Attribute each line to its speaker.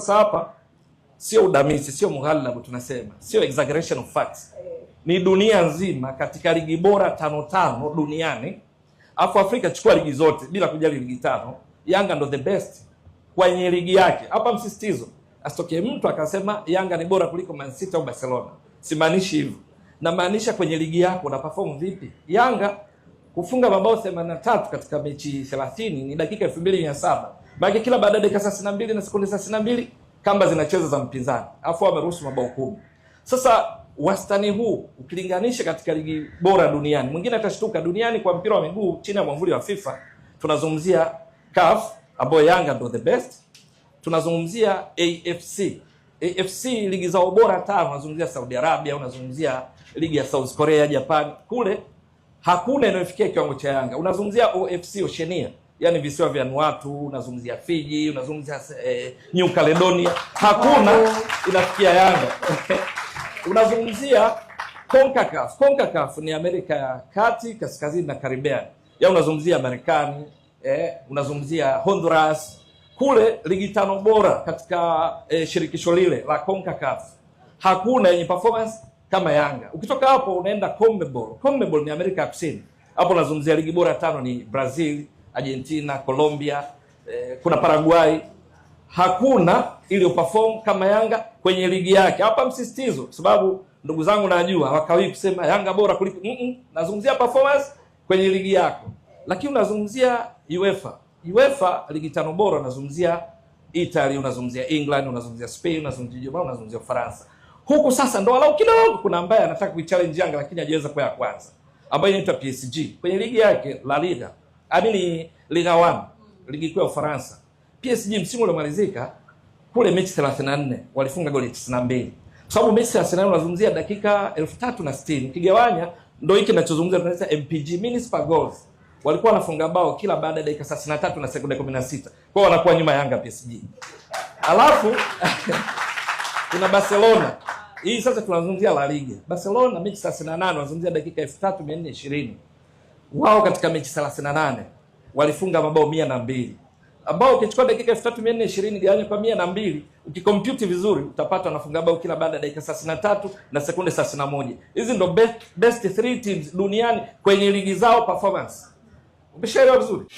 Speaker 1: sasa hapa sio udamisi, sio mghalabu, tunasema sio exaggeration of facts. Ni dunia nzima katika ligi bora tano tano duniani, afu Afrika chukua ligi zote bila kujali ligi tano, Yanga ndo the best kwenye ligi yake. Hapa msisitizo, asitokee mtu akasema Yanga ni bora kuliko Man City au Barcelona. Simaanishi hivyo, namaanisha kwenye ligi yako una perform vipi. Yanga kufunga mabao 83 katika mechi 30 ni dakika 2700 maana kila baada ya dakika 32 na sekunde 32 kamba zinacheza za mpinzani. Alafu wameruhusu mabao kumi. Sasa wastani huu ukilinganisha katika ligi bora duniani, mwingine atashtuka duniani kwa mpira wa miguu chini ya mwamvuli wa FIFA, tunazungumzia CAF ambayo Yanga ndio the best. Tunazungumzia AFC. AFC ligi za ubora tano, unazungumzia Saudi Arabia, unazungumzia ligi ya South Korea, Japan, kule hakuna inayofikia kiwango cha Yanga. Unazungumzia OFC Oceania yani visiwa vya Nuatu, unazungumzia Fiji, unazungumzia eh, New Caledonia, hakuna inafikia Yanga unazungumzia CONCACAF. CONCACAF ni Amerika ya Kati, Kaskazini na Caribbean, ya unazungumzia Marekani eh, unazungumzia Honduras kule ligi tano bora katika eh, shirikisho lile la CONCACAF hakuna yenye performance kama Yanga. Ukitoka hapo unaenda CONMEBOL. CONMEBOL ni Amerika ya Kusini, hapo unazungumzia ligi bora tano ni Brazil, Argentina, Colombia eh, kuna Paraguay. Hakuna iliyoperform kama Yanga kwenye ligi yake. Hapa msisitizo, sababu ndugu zangu najua hawakawi kusema Yanga bora kuliko mm -mm, nazungumzia performance kwenye ligi yako, lakini unazungumzia UEFA UEFA ligi tano bora, unazungumzia Italy, unazungumzia England, unazungumzia Spain, unazungumzia Ujerumani, unazungumzia Ufaransa. Huku sasa ndo walau kidogo kuna ambaye anataka kuichallenge Yanga, lakini hajaweza kwa ya kwanza, ambayo inaitwa PSG kwenye ligi yake La Liga amini Ligue 1 ligi kuu ya Ufaransa. PSG msimu uliomalizika kule mechi 34 walifunga goli 92. Kwa sababu mechi 34 unazungumzia dakika na 3060. Ukigawanya ndio hiki ninachozungumza tunaita MPG minutes per goals. Walikuwa wanafunga bao kila baada ya dakika 33 na sekunde 16. Kwao wanakuwa nyuma Yanga PSG. Alafu kuna Barcelona. Hii sasa tunazungumzia La Liga. Barcelona mechi 38 wanazungumzia dakika 3420 wao katika mechi 38 walifunga mabao mia na mbili ambao ukichukua dakika elfu tatu mia nne ishirini gawanya kwa mia na mbili ukikompyuti vizuri utapata wanafunga bao kila baada ya dakika thelathini na tatu na sekunde thelathini na moja hizi ndo best, best three teams duniani kwenye ligi zao performance umeshaelewa vizuri